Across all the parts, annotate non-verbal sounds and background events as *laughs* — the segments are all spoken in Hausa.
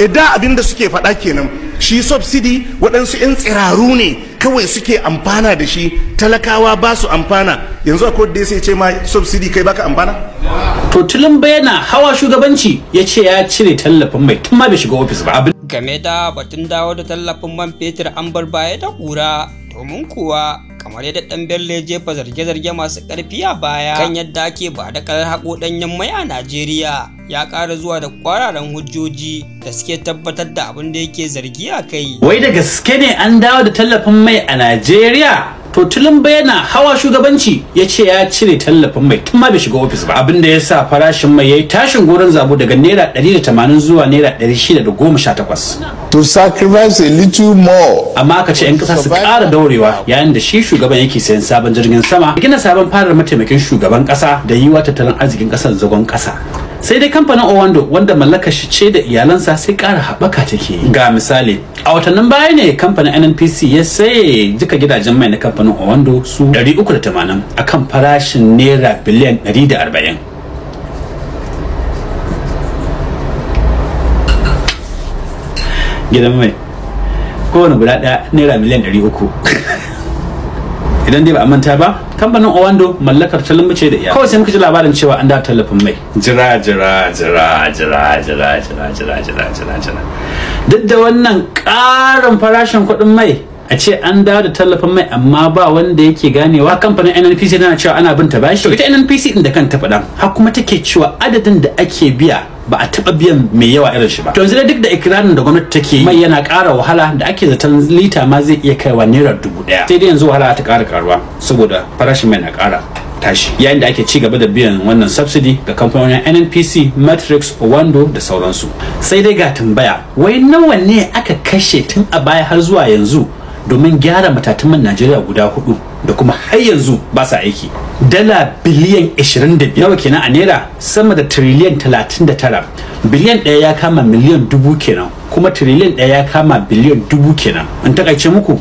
Eh, da abin da suke faɗa kenan shi subsidi waɗansu 'yan tsiraru ne kawai suke amfana da shi talakawa ba su amfana yanzu a kodai sai ce ma subsidy kai baka amfana to tulun bayana hawa shugabanci ya ce ya cire tallafin mai tun ma bai shiga ofis ba game da batun dawo da tallafin man fetur an bar baya da kura domin kuwa kamar yadda dan Bello ya jefa zarge-zarge masu karfi a baya kan yadda ake ba da kalar hako danyen mai a Najeriya ya ƙara zuwa da kwararan hujjoji da suke tabbatar da abin da yake zargi a kai. Wai da gaske ne an dawo da tallafin mai a Najeriya? to tulumba yana hawa shugabanci ya ce ya cire tallafin mai tun ma bai shiga ofis ba da ya sa farashin mai ya yi tashin goron zabo daga naira tamanin zuwa naira 618 to sacrifice a little more amma aka ce 'yan kasa su kara daurewa yayin da shi shugaban yake sayan sabon jirgin sama gina sabon farar mataimakin shugaban ƙasa da yi tattalin arzikin ƙasar zagon ƙasa sai dai kamfanin owando wanda mallakar shi ce da iyalansa sai ƙara haɓaka take ga misali a watannin baya ne kamfanin nnpc ya saye jika gidajen mai na kamfanin owando su 380 akan farashin naira biliyan 140 gidan mai kowane guda ɗaya naira miliyan 300 *laughs* idan dai ba a manta ba kamfanin Owando mallakar ta ce da iya kawai sai muka ji labarin cewa an da tallafin mai jira jira jira jira jira jira jira jira jira jira duk da wannan ƙaran farashin kuɗin mai a ce an dawo da tallafin mai amma ba wanda yake ganewa kamfanin nnpc tana cewa ana bin ta bashi ita nnpc din da kanta faɗa har kuma take cewa adadin da ake biya ba a taɓa biyan mai yawa irin shi ba to yanzu dai duk da ikirarin da gwamnati take yi mai yana ƙara wahala da ake zaton lita ma zai iya kaiwa naira dubu ɗaya sai dai yanzu wahala ta ƙara karuwa saboda farashin mai na ƙara tashi yayin da ake ci gaba da biyan wannan subsidy ga kamfanonin nnpc matrix owando da sauransu sai dai ga tambaya wai nawa ne aka kashe tun a baya har zuwa yanzu domin gyara matatan najeriya guda hudu da kuma har yanzu ba sa aiki dala biliyan 25 yawa kenan a naira sama da triliyan 39 biliyan ɗaya ya kama miliyan dubu kenan kuma triliyan ɗaya ya kama biliyan dubu kenan in takaice muku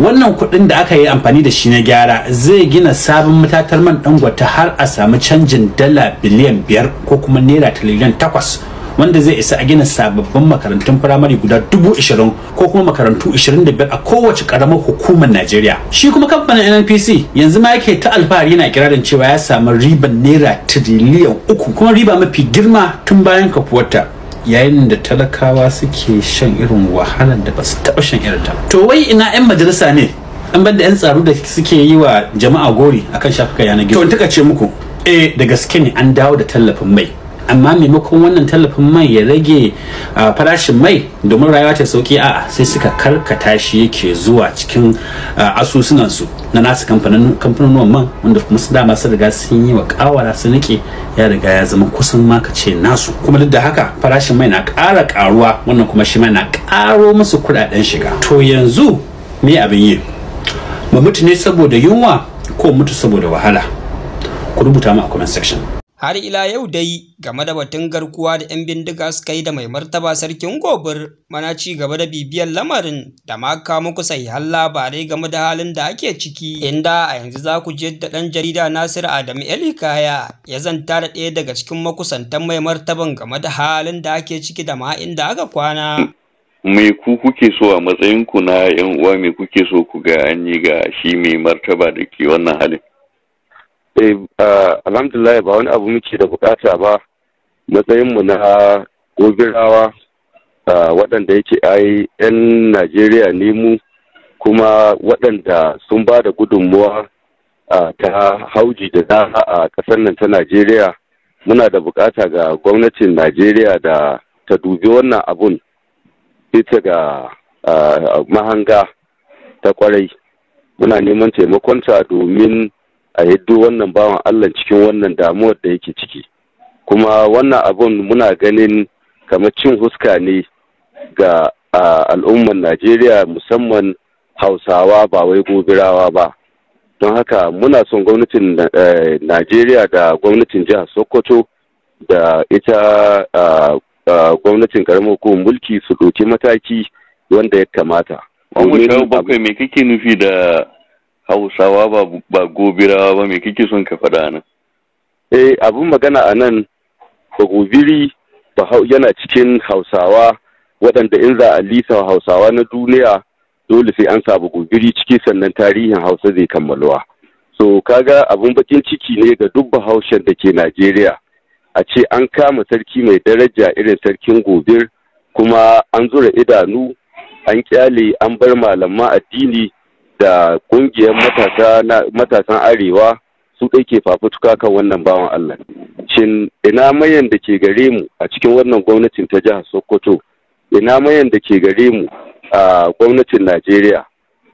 wannan kuɗin da aka yi amfani da shi na gyara zai gina sabon matatar man dangwata har a samu canjin dala biliyan 5 ko kuma naira triliyan 8 wanda zai isa a gina sababbin makarantun firamare guda dubu ishirin ko kuma makarantu ishirin da biyar a kowace karamar hukumar Najeriya. Shi kuma kamfanin NNPC yanzu ma yake ta alfahari yana kirarin cewa ya samu riban naira tiriliyan uku kuma riba mafi girma tun bayan kafuwarta. yayin da talakawa suke shan irin wahalar da ba su taɓa shan irin ta. To wai ina 'yan majalisa ne an banda 'yan tsaro da suke yi wa jama'a gori akan shafukan yanar gizo. To in taka ce muku eh da gaske ne an dawo da tallafin mai amma maimakon wannan tallafin mai ya rage farashin mai domin rayuwa ta sauki a sai suka karkata shi yake zuwa cikin asusunansu na nasu kamfanin man wanda kuma su dama sun riga sun yi wa kawara su nike ya riga ya zama kusan makace nasu kuma duk da haka farashin mai na ƙara ƙaruwa wannan kuma shi mai na ƙaro musu kuɗaɗen shiga to yanzu me abin yi ba mutu ne saboda yunwa ko mutu saboda wahala ku rubuta mu a comment section har ila yau dai game da batun garkuwa da 'yan bindiga suka yi da mai martaba sarkin gobir mana ci gaba da bibiyar lamarin da ma muku har labarai game da halin da ake ciki inda a yanzu za ku je da ɗan jarida nasir adamu elikaya ya zanta da ɗaya daga cikin makusantan mai martaban game da halin da ake ciki da ma inda aka kwana me ku kuke so a matsayin ku na yan uwa me kuke so ku ga an yi ga shi mai martaba da ke wannan halin Eh, alhamdulillah ba wani abu muke da bukata ba matsayinmu na gobirawa waɗanda yake ai 'yan najeriya ne mu kuma waɗanda sun ba da gudunmuwa ta hauji da za a ƙasar nan ta najeriya muna da bukata ga gwamnatin najeriya da ta dubi wannan abun ita ga mahanga ta kwarai muna neman taimakonta domin a hiddo wannan bawan Allah cikin wannan damuwar da yake ciki kuma wannan abun muna ganin kamar cin huska ne ga al'ummar Najeriya musamman Hausawa ba wai gobirawa ba don haka muna son gwamnatin eh, Najeriya da gwamnatin jihar Sokoto da ita gwamnatin karamar hukumar mulki su ɗauki mataki wanda ya kamata. Wani bakwai me kake nufi da hausawa ba gobirawa ba me kike son ka faɗa nan eh abin magana a nan ba gobiri yana cikin hausawa waɗanda in za a lisa hausawa na duniya dole sai an samu gobiri ciki sannan tarihin hausa zai kammaluwa so kaga abin bakin ciki ne ga duk bahaushen da ke najeriya a ce an kama sarki mai daraja irin sarkin gobir kuma an zura idanu an kyale an bar malaman addini da kungiyar matasan arewa su ɗai ke fafutuka kan wannan bawan Allah. Shin ina mayan da ke gare mu a cikin wannan gwamnatin ta jihar Sokoto, ina mayan da ke gare mu a gwamnatin Najeriya.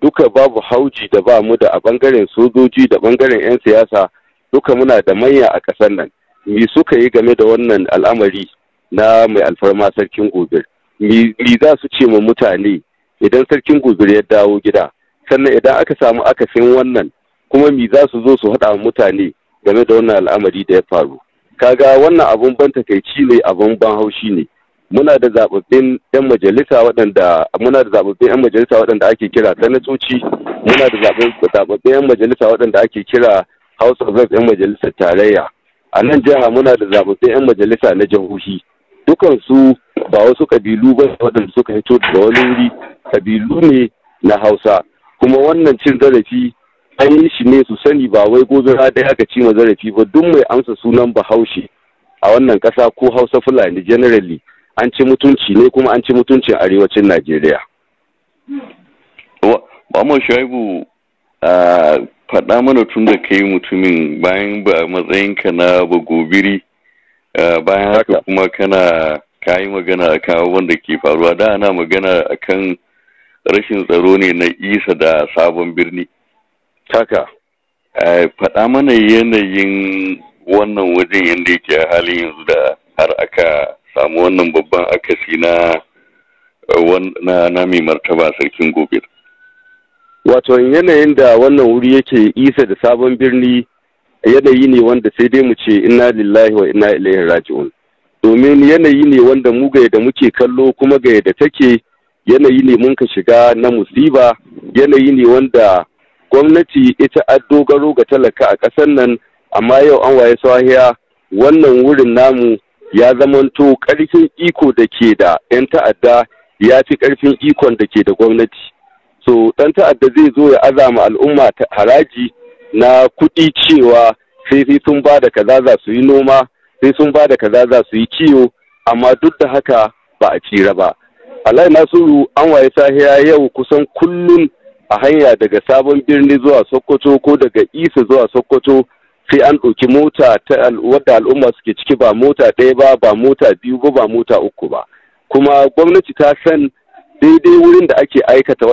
Duka babu hauji da ba mu da a bangaren sojoji da bangaren 'yan siyasa duka muna da manya a ƙasar nan. Me suka yi game da wannan al'amari na mai alfarma sarkin gobe? Me za su ce ma mutane idan sarkin gobe ya dawo gida? sannan idan aka samu akasin wannan kuma mi za su zo su haɗa mutane game da wannan al'amari da ya faru kaga wannan abun ban takaici ne abun ban haushi ne muna da zababbin yan majalisa waɗanda muna da zababbin yan majalisa waɗanda ake kira sanatoci muna da zababbin yan majalisa waɗanda ake kira house of reps yan Majalisa tarayya a nan jiha muna da zababbin yan majalisa na jihohi dukan su ba wasu kabilu ba waɗanda suka hito daga wani wuri kabilu ne na hausa kuma wannan cin zarafi an yi shi ne su sani ba wai na ɗaya aka ci zarafi ba duk mai amsa sunan bahaushe a wannan ƙasa ko hausa fulani generally an ci mutunci ne kuma an ci mutuncin arewacin najeriya Muhammad Shaibu faɗa mana tun da kai mutumin bayan ba matsayinka na bagobiri bayan haka kuma kana kayi magana a kawo wanda ke faruwa da ana magana akan rashin tsaro ne na isa da sabon birni Kaka, faɗa mana yanayin wannan wajen yadda yake a halin yanzu da har aka samu wannan babban akasi na na na mai martaba sarkin gobe wato yanayin da wannan wuri yake isa da sabon birni yanayi ne wanda sai dai mu ce inna lillahi wa inna ilaihi raji'un domin yanayi ne wanda mu ga da muke kallo kuma ga da take yanayi ne mun ka shiga na musiba yanayi ne wanda gwamnati ita a dogaro ga talaka a ƙasar nan amma yau an waye sahiya wannan wurin namu ya zamanto ƙarfin iko da ke da 'yan ta'adda ya fi ƙarfin ikon da ke da gwamnati so ɗan ta'adda zai zo ya azama al'umma ta haraji na kuɗi cewa sai sai sun ba da kaza za su yi noma sai sun ba da kaza za su yi kiwo amma duk da haka ba a tsira ba Alai Nasiru an waye sahiya yau kusan kullum a hanya daga sabon birni zuwa Sokoto ko daga Isa zuwa Sokoto sai an ɗauki mota ta wadda al'umma suke ciki ba mota ɗaya ba ba mota biyu ba ba mota uku ba kuma gwamnati ta san daidai wurin da ake aikata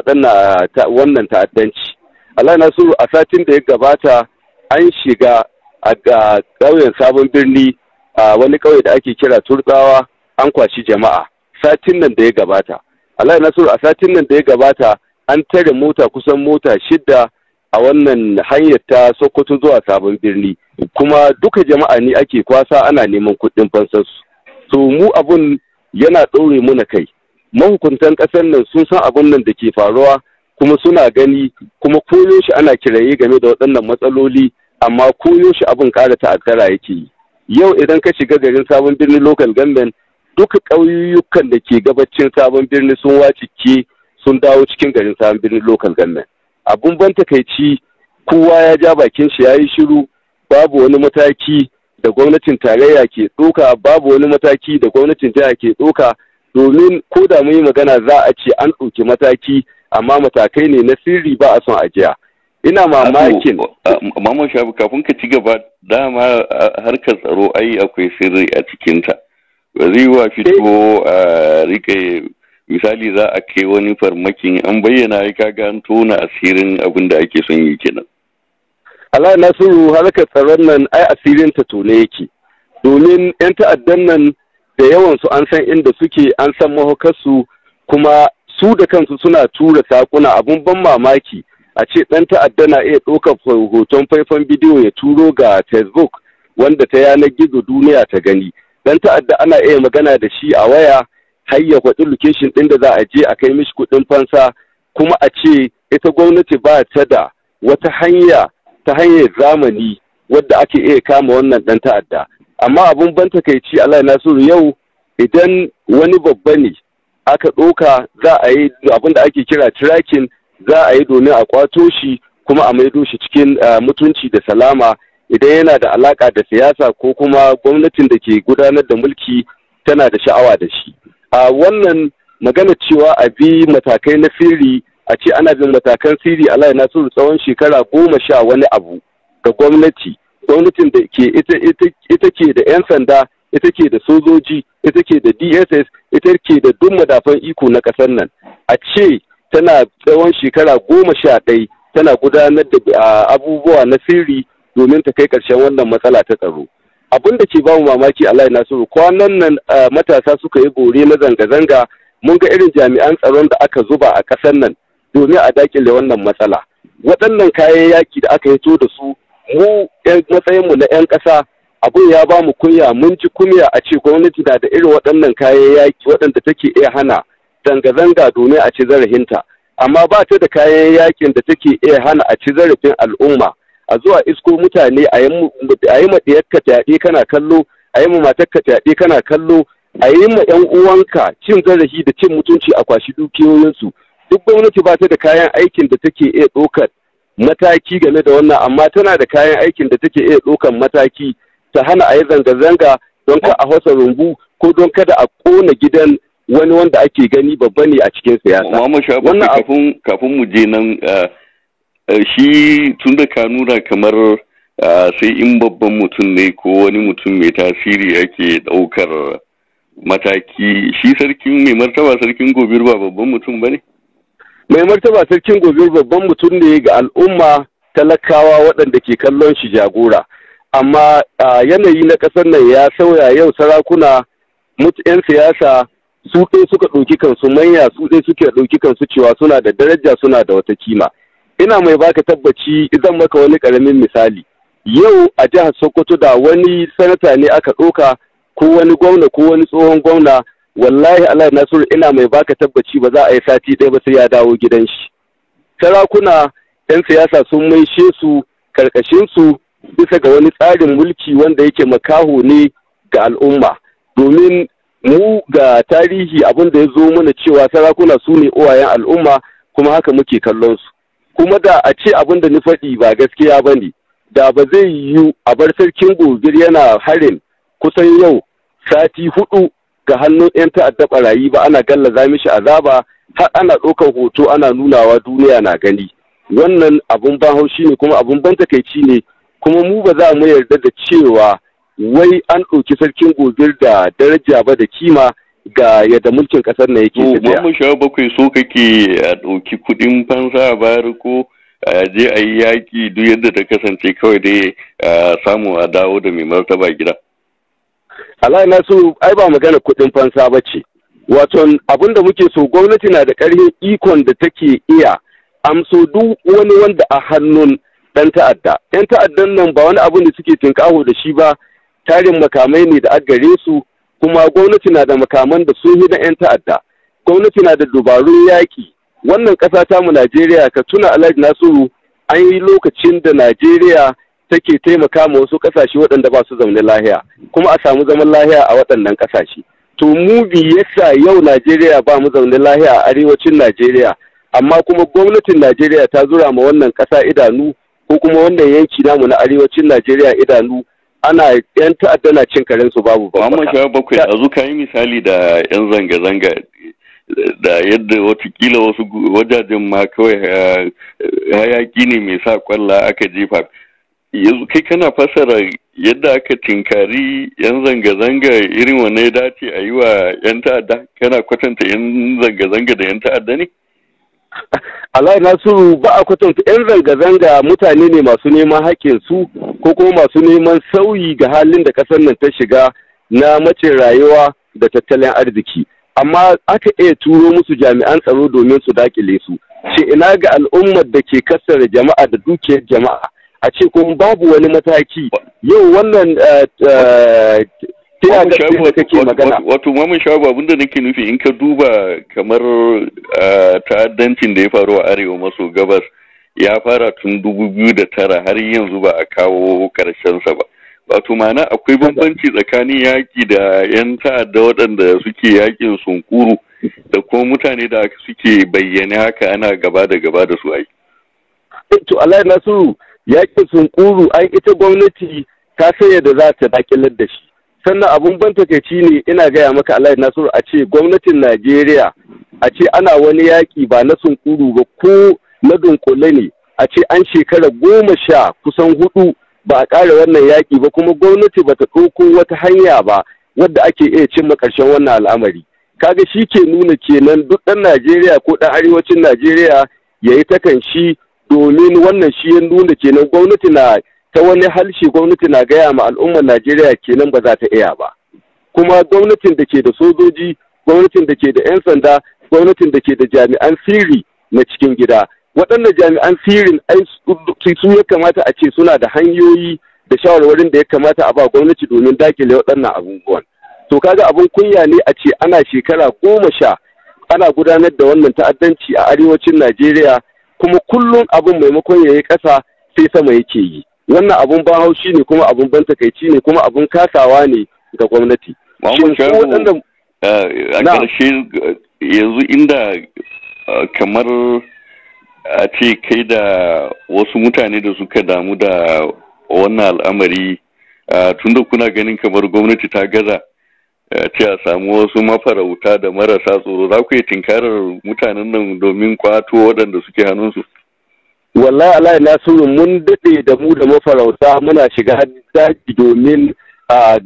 wannan ta'addanci Allah Nasiru a satin da ya gabata an shiga a ƙauyen sabon birni a wani ƙauye da ake kira turtsawa an kwashi jama'a satin nan da ya gabata Allah Nasiru a satin nan da ya gabata an tare mota kusan mota shidda a wannan hanyar ta Sokoto zuwa sabon birni kuma duka jama'a ne ake kwasa ana neman kuɗin fansansu to mu abun yana ɗore muna kai mahukuntan ƙasar nan sun san abun nan da ke faruwa kuma suna gani kuma koyo shi ana kiraye game da waɗannan matsaloli amma koyo shi abin ƙara ta'azzara yake yi yau idan ka shiga garin sabon birnin local government duka ƙauyukan da ke gabacin sabon birni sun ke sun dawo cikin garin sabon birni local government abun ban takaici kowa ya ja bakin shi ya yi shiru babu wani mataki da gwamnatin tarayya ke ɗauka, babu wani mataki da gwamnatin jiha ke ɗauka, domin ko da mun yi magana za a ce an ɗauki mataki amma matakai ne na sirri ba a son ajiya ina mamakin uh, uh, mamman Shafi, kafin ka ci gaba dama uh, harkar tsaro ai akwai sirri a cikinta ba wa fito eh. a rike misali za a kai wani farmakin an bayyana ya kaga an tona asirin abin da ake son yi kenan Allah Nasiru harkar tsaron nan ai asirin ta tone yake domin 'yan ta'addan nan da yawansu an san inda suke an san mahukarsu kuma su da kansu suna tura sakuna abun ban mamaki a ce ɗan ta'adda na iya ɗaukar hoton faifan bidiyo ya turo ga facebook wanda ta yanar gizo duniya ta gani dan ta'adda ana iya magana da shi a waya har ya kwaɗi location ɗin da za a je a kai mishi kuɗin fansa kuma a ce ita gwamnati ba ta da wata hanya ta hanyar zamani wadda ake iya kama wannan dan ta'adda amma abun ban takaici Allah Nasiru yau idan wani babba ne aka ɗoka za a yi abin da ake kira tracking za a yi domin a kwato shi kuma a maido shi cikin eh, mutunci da salama idan yana da alaka da siyasa ko kuma gwamnatin da ke gudanar da mulki tana da sha'awa da shi a wannan magana cewa a bi matakai na firi, a ce ana bin matakan sirri a layi nasiru tsawon shekara goma sha wani abu ga gwamnati gwamnatin da ke ita ke da 'yan sanda ita ke da sojoji ita ke da dss ita ke da duk madafan iko na ƙasar nan a ce tana tsawon shekara goma sha ɗai tana gudanar da abubuwa na sirri domin ta kai ƙarshen wannan matsala ta tsaro abin da ke ba mu mamaki a ya nasiru kwanan nan eh, matasa suka yi gore na zanga-zanga mun ga irin jami'an tsaron da aka zuba a ƙasar nan domin a dakile wannan matsala waɗannan kayan yaki da aka hito da su mu matsayin mu na 'yan ƙasa abin ya ba mu kunya mun ji kunya a ce gwamnati na da irin waɗannan kayan yaƙi waɗanda take iya hana zanga-zanga domin a ci zarafinta amma ba ta da kayan yaƙin da take iya hana a ci zarafin al'umma a zuwa isko mutane a yi ma ɗiyarka kana kallo a yi ma matarka kana kallo a yi ma yan uwanka cin zarafi da cin mutunci a kwashi dukiyoyinsu duk gwamnati ba ta da kayan aikin da take iya ɗaukar mataki game da wannan amma tana da kayan aikin da take iya ɗaukar mataki ta hana a yi zanga-zanga don ka a hausa rumbu ko don kada a ƙona gidan wani wanda ake gani babba ne a cikin siyasa. Muhammad Shabu kafin mu je nan eh, Eh, shi tun da ka nuna kamar ah, sai in babban mutum ne ko wani mutum mai tasiri ake ɗaukar mataki shi sarkin mai martaba sarkin gobir ba babban mutum ba ne? mai martaba sarkin gobir babban mutum ne ga al'umma talakawa waɗanda ke kallon shi jagora amma ah, yanayi na ƙasar nan ya sauya yau sarakuna 'yan siyasa su ɗaya suka ɗauki kansu manya su ɗaya suke ɗauki kansu cewa suna da daraja suna da wata kima ina mai baka tabbaci zan maka wani karamin misali yau a jihar sokoto da wani sanata ne aka ɗauka ko wani gwamna ko wani tsohon gwamna wallahi allah nasiru ina mai baka tabbaci ba za a yi sati ɗaya ba sai ya dawo gidan shi sarakuna 'yan siyasa sun maishe su karkashin su bisa ga wani tsarin mulki wanda yake makaho ne ga al'umma domin mu ga tarihi abin da ya zo mana cewa sarakuna su ne uwayen al'umma kuma haka muke kallon su kuma da a ce abin da ni faɗi ba gaskiya ba ne da ba zai yiwu a bar sarkin gobir yana harin kusan yau sati hudu ga hannun 'yan ta'adda barayi ba ana gallaza mishi azaba har ana ɗaukar hoto ana nunawa duniya na gani wannan abun ban haushi ne kuma abun ban takaici ne kuma mu ba za mu yarda da cewa wai an ɗauki sarkin gobir da daraja ba da kima ga yadda mulkin kasar na yake tafiya. Muhammad Shawar bakwai so kake a ɗauki kuɗin fansa a bayar ko a je a yi yaƙi duk yadda ta kasance kawai dai a samu a dawo da mai martaba gida. Allah na so ai ba magana kuɗin fansa ba ce. Wato abin da muke so gwamnati na da ƙarfin ikon da take iya amso duk wani wanda a hannun ɗan ta'adda. ‘Yan ta'addan nan ba wani abin da suke tinkaho da shi ba tarin makamai ne da aggare su kuma gwamnati na da makaman da sun na 'yan ta'adda gwamnati na da dubarun yaƙi wannan ƙasa ta mu najeriya ka tuna alhaji nasiru an yi lokacin da najeriya take taimaka ma wasu ƙasashe waɗanda ba su zaune lahiya kuma a samu zaman lahiya a waɗannan ƙasashe to mu yasa yau najeriya ba mu zaune lahiya a arewacin najeriya amma kuma gwamnatin najeriya ta zura ma wannan ƙasa idanu ko kuma wannan yanki namu na arewacin najeriya idanu ana yan ta'adda na cin karin su babu ba amma Shawar bakwai a zuka yi misali da yan zanga-zanga da yadda watakila wasu wajajen ma kawai hayaki ne mai sa kwalla aka jefa yanzu kai kana fassara yadda aka tinkari yan zanga-zanga irin wannan dace a yi wa yan ta'adda kana kwatanta yan zanga-zanga da yan ta'adda ne Allah Nasiru ba a kwatanta 'yan zanga-zanga mutane ne masu neman su ko kuma masu neman sauyi ga halin da ƙasar nan ta shiga na mace rayuwa da tattalin arziki. Amma aka iya turo musu jami'an tsaro domin su dakile su. Ce ina ga al'ummar da ke kasar jama'a da dukiyar jama'a. A ce kuma babu wani mataki. Yau wannan eh, eh, wato mamun shago abinda nake nufi in ka duba kamar ta'addancin da ya faru a arewa maso gabas ya fara tun dubu biyu da tara har yanzu ba a kawo karshensa ba wato Mana akwai bambanci tsakanin yaƙi da 'yan ta'adda waɗanda suke yaƙin sunkuru da kuma mutane da suke bayyane haka ana gaba da gaba da su ai. Eh, to Allah nasiru yaƙin sunkuru ai ita gwamnati ta sanya da za ta dakilar da shi sannan abun ban takaici ne ina gaya maka Alhaji Nasiru a ce gwamnatin Najeriya a ce ana wani yaƙi ba na sunkuru ba ko na dunkule ne a ce an shekara goma sha kusan hudu ba a ƙara wannan yaƙi ba kuma gwamnati ba ta ɗauko wata hanya ba wadda ake iya cimma ƙarshen wannan al'amari kaga shi ke nuna kenan duk ɗan najeriya ko ɗan arewacin najeriya ya yi takan shi domin wannan shi ya nuna kenan gwamnati na ta wani halshe gwamnati na gaya ma al'ummar Najeriya kenan ba za ta iya ba. Kuma gwamnatin da ke da sojoji, gwamnatin da ke da 'yan sanda, gwamnatin da ke da jami'an sirri na cikin gida. Waɗannan jami'an sirrin ai su ya kamata a ce suna da hanyoyi da shawarwarin da ya kamata a ba gwamnati domin dakile waɗannan abubuwan. To kaga abin kunya ne a ce ana shekara goma sha ana gudanar da wannan ta'addanci a arewacin Najeriya kuma kullum abin maimakon ya yi ƙasa sai sama yake yi. wannan abun ban haushi ne kuma abun ban takaici ne kuma abun kasawa ne ga gwamnati Shin eh, a eh, yanzu inda eh, kamar a ce kai da wasu mutane da suka damu da wannan al'amari tunda kuna ganin kamar gwamnati ta gaza ce a samu wasu mafarauta da marasa tsoro za ku yi tinkarar mutanen nan domin kwato waɗanda suke hannunsu wallahi alayi nasiru mun daɗe da mu da mafarauta muna shiga daji domin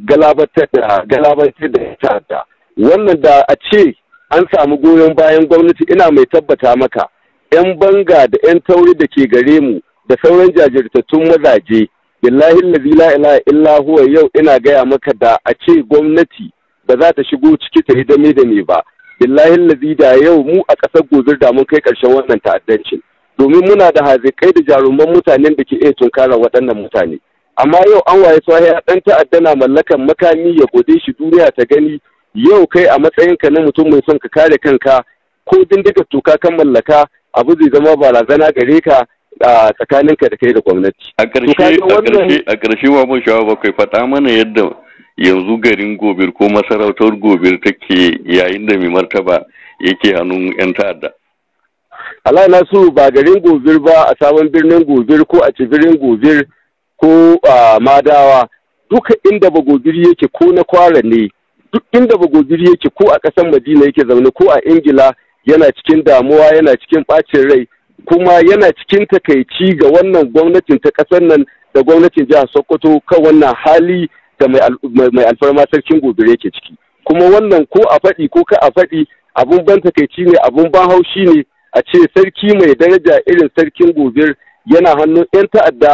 galabatar da galabatar da wannan da a ce an samu goyon bayan gwamnati ina mai tabbata maka 'yan banga da 'yan tauri da ke gare mu da sauran jajirtattun mazaje billahi la ilaha illa huwa yau ina gaya maka da a ce gwamnati ba za ta shigo ciki ta yi da ne ba billahi lazi da yau mu a ƙasar gozir da mun kai ƙarshen wannan ta'addancin domin muna da hazikai da jaruman mutanen da ke iya tunkarar waɗannan mutane amma yau an waye ya ɗan ta'adda na mallakan makami ya gode shi duniya ta gani yau kai a matsayinka na mutum mai son ka kare kanka ko bindiga tuka kan mallaka abu zai zama barazana gare ka a tsakaninka da kai da gwamnati. A ƙarshe wa mun shawo bakwai faɗa mana yadda yanzu garin gobir ko masarautar gobir take yayin da mai martaba yake hannun 'yan ta'adda. ala su ba garin gobir ba a sabon birnin gobir ko a cibirin gobir ko a madawa duka inda ba gobiri yake ko na kwara ne duk inda ba gobiri yake ko a ƙasar madina yake zaune ko a ingila yana cikin damuwa yana cikin ɓacin rai kuma yana cikin takaici ga wannan gwamnatin ta ƙasar nan da gwamnatin jihar sokoto kan wannan hali da mai alfarma sarkin gobir yake ciki kuma wannan ko a faɗi ko ka a faɗi abun ban takaici ne abun ban haushi ne a ce sarki mai daraja irin sarkin gobir yana hannun 'yan ta'adda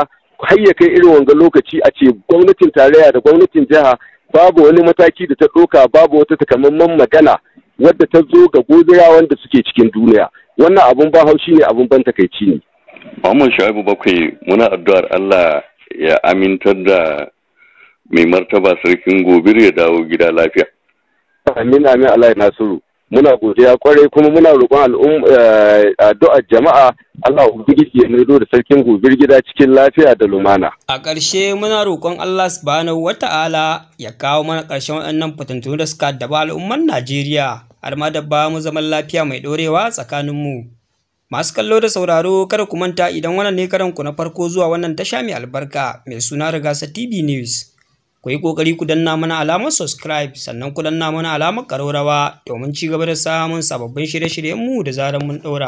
har ya kai irin wanga lokaci a ce gwamnatin tarayya da gwamnatin jiha babu wani mataki da ta ɗoka babu wata takamaiman magana wadda ta zo ga gobirawan wanda suke cikin duniya wannan abun ba haushi ne abun ban takaici ne Muhammad Shu'aibu bakwai muna addu'ar Allah ya amintar da mai martaba sarkin gobir ya dawo gida lafiya amin amin Allah ya nasiru muna godiya kwarai kuma muna roƙon eh, addu'ar jama'a Allah ubangiji ya maido da sarkin gobir gida cikin lafiya da lumana. A ƙarshe muna roƙon Allah subhanahu wata'ala ya kawo mana ƙarshen waɗannan fitintunu da suka daba al'umman Najeriya har ma da ba mu zaman lafiya mai ɗorewa tsakanin mu. Masu kallo da sauraro kada ku manta idan wannan ne karanku na farko zuwa wannan tasha mai albarka mai suna Rigasa TV News. ku yi ƙoƙari ku danna mana alamar subscribe sannan ku danna mana alamar ƙararrawa domin ci gaba da samun sababbin shirye-shiryenmu da zarar mun ɗaura.